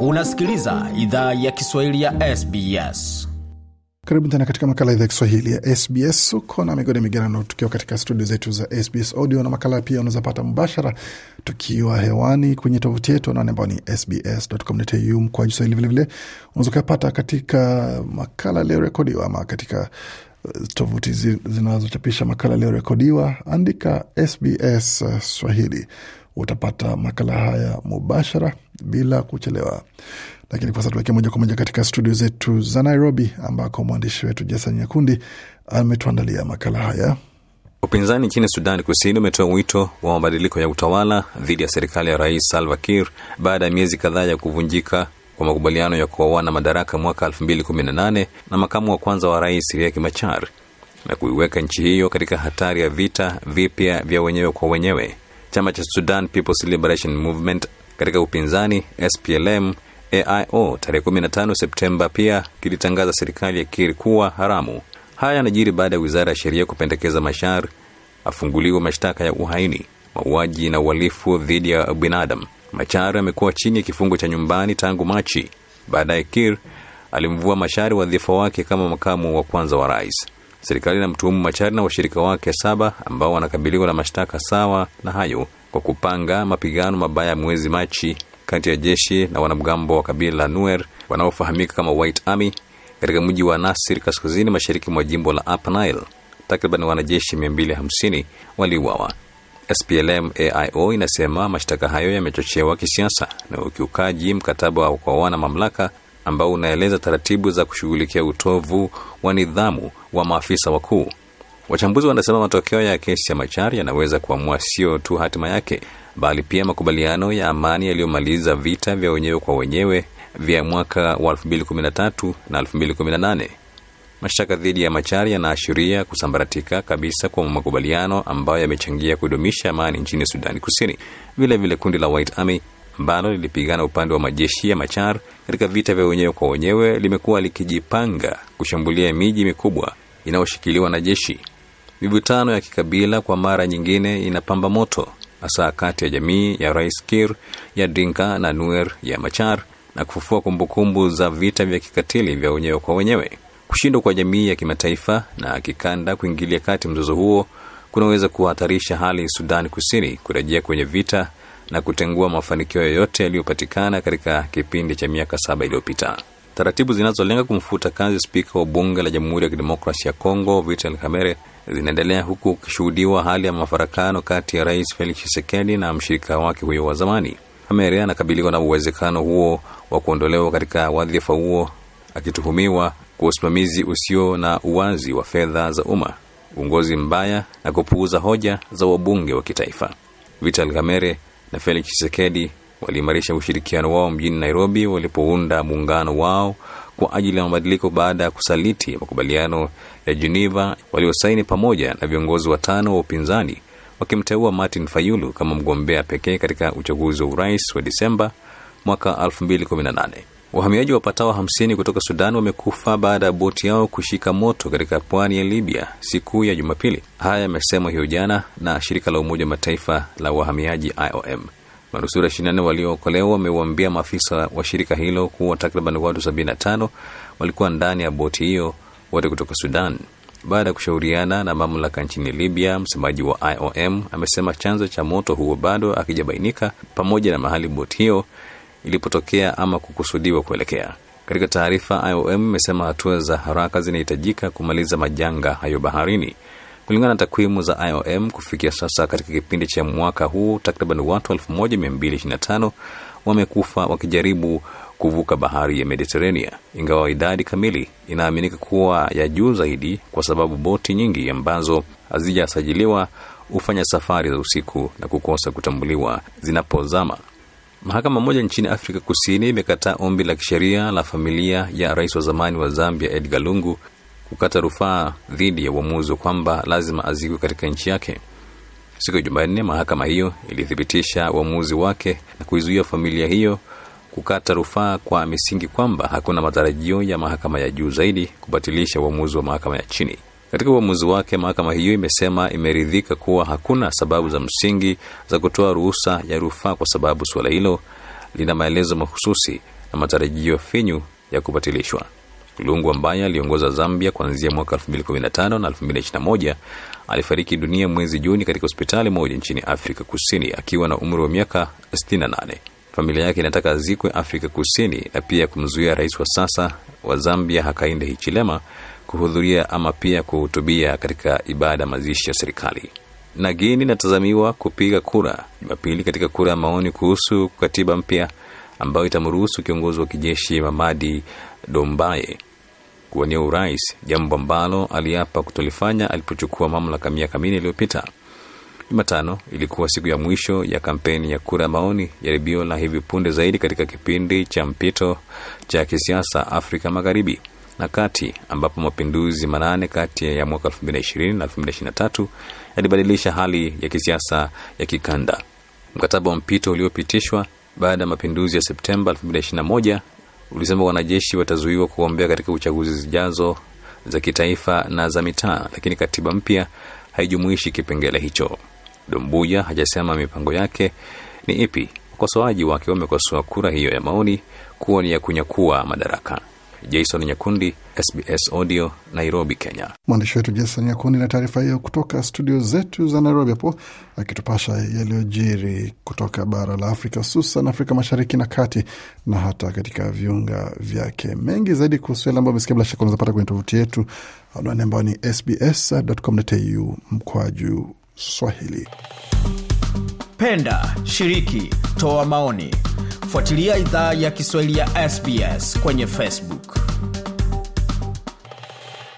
Unasikiliza idhaa ya Kiswahili ya SBS. Karibu tena katika makala idhaa ya Kiswahili ya SBS. Uko na migode migerano, tukiwa katika studio zetu za SBS Audio na makala pia unaweza mbashara mubashara tukiwa hewani kwenye tovuti yetu anaone ambao ni sbscu mkwaju swahili. Vilevile unaweza ukapata katika makala yaliyorekodiwa ama katika tovuti zinazochapisha makala yaliyorekodiwa, andika SBS uh, Swahili. Utapata makala haya mubashara bila kuchelewa. Lakini kwa sasa tuelekee moja kwa moja katika studio zetu za Nairobi, ambako mwandishi wetu Jason Nyakundi ametuandalia makala haya. Upinzani nchini Sudani Kusini umetoa wito wa mabadiliko ya utawala dhidi ya serikali ya Rais Salva Kiir baada ya miezi kadhaa ya kuvunjika kwa makubaliano ya kuoana madaraka mwaka 2018 na makamu wa kwanza wa rais Riek Machar na kuiweka nchi hiyo katika hatari ya vita vipya vya wenyewe kwa wenyewe. Chama cha Sudan People's Liberation Movement katika upinzani SPLM AIO tarehe 15 Septemba pia kilitangaza serikali ya Kiir kuwa haramu. Haya yanajiri baada ya wizara ya sheria kupendekeza Machar afunguliwe mashtaka ya uhaini, mauaji na uhalifu dhidi ya binadamu. Machar amekuwa chini ya kifungo cha nyumbani tangu Machi. Baadaye Kir alimvua Machar wadhifa wake kama makamu wa kwanza wa rais. Serikali inamtuhumu machari na washirika wake saba ambao wanakabiliwa na mashtaka sawa na hayo kwa kupanga mapigano mabaya mwezi Machi kati ya jeshi na wanamgambo wa kabila la Nuer wanaofahamika kama White Army katika mji wa Nasir kaskazini mashariki mwa jimbo la Upper Nile. Takriban wanajeshi 250 waliuawa. SPLM-AIO inasema mashtaka hayo yamechochewa kisiasa na ukiukaji mkataba wa wana mamlaka ambao unaeleza taratibu za kushughulikia utovu wa nidhamu wa maafisa wakuu. Wachambuzi wanasema matokeo ya kesi ya Machar yanaweza kuamua sio tu hatima yake, bali pia makubaliano ya amani yaliyomaliza vita vya wenyewe kwa wenyewe vya mwaka wa 2013 na 2018. Mashtaka dhidi ya Machari yanaashiria kusambaratika kabisa kwa makubaliano ambayo yamechangia kudumisha amani nchini Sudani Kusini. Vilevile kundi la White Army ambalo lilipigana upande wa majeshi ya Machar katika vita vya wenyewe kwa wenyewe limekuwa likijipanga kushambulia miji mikubwa inayoshikiliwa na jeshi. Mivutano ya kikabila kwa mara nyingine inapamba moto, hasa kati ya jamii ya Rais Kir ya Dinka na Nuer ya Machar na kufufua kumbukumbu za vita vya kikatili vya wenyewe kwa wenyewe. Kushindwa kwa jamii ya kimataifa na kikanda kuingilia kati mzozo huo kunaweza kuhatarisha hali Sudan Kusini kurejea kwenye vita na kutengua mafanikio yoyote yaliyopatikana katika kipindi cha miaka saba iliyopita. Taratibu zinazolenga kumfuta kazi spika wa bunge la Jamhuri ya Kidemokrasia ya Kongo Vital Kamerhe zinaendelea huku ukishuhudiwa hali ya mafarakano kati ya Rais Felix Tshisekedi na mshirika wake huyo wa zamani. Kamerhe anakabiliwa na uwezekano huo wa kuondolewa katika wadhifa huo akituhumiwa kwa usimamizi usio na uwazi wa fedha za umma, uongozi mbaya na kupuuza hoja za wabunge wa kitaifa. Vital Kamerhe na Felix Tshisekedi waliimarisha ushirikiano wao mjini Nairobi walipounda muungano wao kwa ajili ya mabadiliko baada ya kusaliti makubaliano ya Geneva waliosaini pamoja na viongozi watano wa upinzani wakimteua Martin Fayulu kama mgombea pekee katika uchaguzi wa urais wa Disemba mwaka 2018. Wahamiaji wapatao hamsini kutoka Sudan wamekufa baada ya boti yao kushika moto katika pwani ya Libya siku ya Jumapili. Haya yamesemwa hiyo jana na shirika la Umoja wa Mataifa la wahamiaji IOM. Manusura 24 waliookolewa wameuambia maafisa wa shirika hilo kuwa takriban watu 75 walikuwa ndani ya boti hiyo, wote kutoka Sudan. Baada ya kushauriana na mamlaka nchini Libya, msemaji wa IOM amesema chanzo cha moto huo bado akijabainika pamoja na mahali boti hiyo ilipotokea ama kukusudiwa kuelekea. Katika taarifa, IOM imesema hatua za haraka zinahitajika kumaliza majanga hayo baharini. Kulingana na takwimu za IOM, kufikia sasa katika kipindi cha mwaka huu takriban watu 1225 wamekufa wakijaribu kuvuka bahari ya Mediterania, ingawa idadi kamili inaaminika kuwa ya juu zaidi, kwa sababu boti nyingi ambazo hazijasajiliwa hufanya safari za usiku na kukosa kutambuliwa zinapozama. Mahakama moja nchini Afrika Kusini imekataa ombi la kisheria la familia ya rais wa zamani wa Zambia Edgar Lungu kukata rufaa dhidi ya uamuzi kwamba lazima azikwe katika nchi yake. Siku ya Jumanne, mahakama hiyo ilithibitisha uamuzi wake na kuizuia familia hiyo kukata rufaa kwa misingi kwamba hakuna matarajio ya mahakama ya juu zaidi kubatilisha uamuzi wa mahakama ya chini. Katika uamuzi wake, mahakama hiyo imesema imeridhika kuwa hakuna sababu za msingi za kutoa ruhusa ya rufaa kwa sababu suala hilo lina maelezo mahususi na matarajio finyu ya kubatilishwa. Lungu ambaye aliongoza Zambia kuanzia mwaka 2015 na 2021 alifariki dunia mwezi Juni katika hospitali moja nchini Afrika Kusini akiwa na umri wa miaka 68. Familia yake inataka azikwe Afrika Kusini na pia kumzuia rais wa sasa wa Zambia Hakainde Hichilema kuhudhuria ama pia kuhutubia katika ibada mazishi ya serikali. Gini inatazamiwa kupiga kura Jumapili katika kura ya maoni kuhusu katiba mpya ambayo itamruhusu kiongozi wa kijeshi Mamadi Dombaye kuwania urais, jambo ambalo aliapa kutolifanya alipochukua mamlaka miaka minne iliyopita. Jumatano ilikuwa siku ya mwisho ya kampeni ya kura ya maoni, jaribio la hivi punde zaidi katika kipindi cha mpito cha kisiasa Afrika Magharibi na Kati, ambapo mapinduzi manane kati ya mwaka 2020 na 2023 yalibadilisha hali ya kisiasa ya kikanda. Mkataba wa mpito uliopitishwa baada ya mapinduzi ya Septemba 2021 ulisema wanajeshi watazuiwa kuombea katika uchaguzi zijazo za kitaifa na za mitaa, lakini katiba mpya haijumuishi kipengele hicho. Dumbuya hajasema mipango yake ni ipi. Wakosoaji wake wamekosoa kura hiyo ya maoni kuwa ni ya kunyakua madaraka. Jason Nyakundi, SBS Audio, Nairobi, Kenya. Mwandishi wetu Jason Nyakundi na taarifa hiyo kutoka studio zetu za Nairobi hapo akitupasha yaliyojiri kutoka bara la Afrika, hususan Afrika Mashariki na Kati na hata katika viunga vyake. Mengi zaidi kuhusu yale ambayo umesikia, bila shaka unaweza pata kwenye tovuti yetu anwani ambayo ni sbs.com.au mkwaju Swahili. Penda, shiriki, toa maoni, fuatilia idhaa ya Kiswahili ya SBS kwenye Facebook.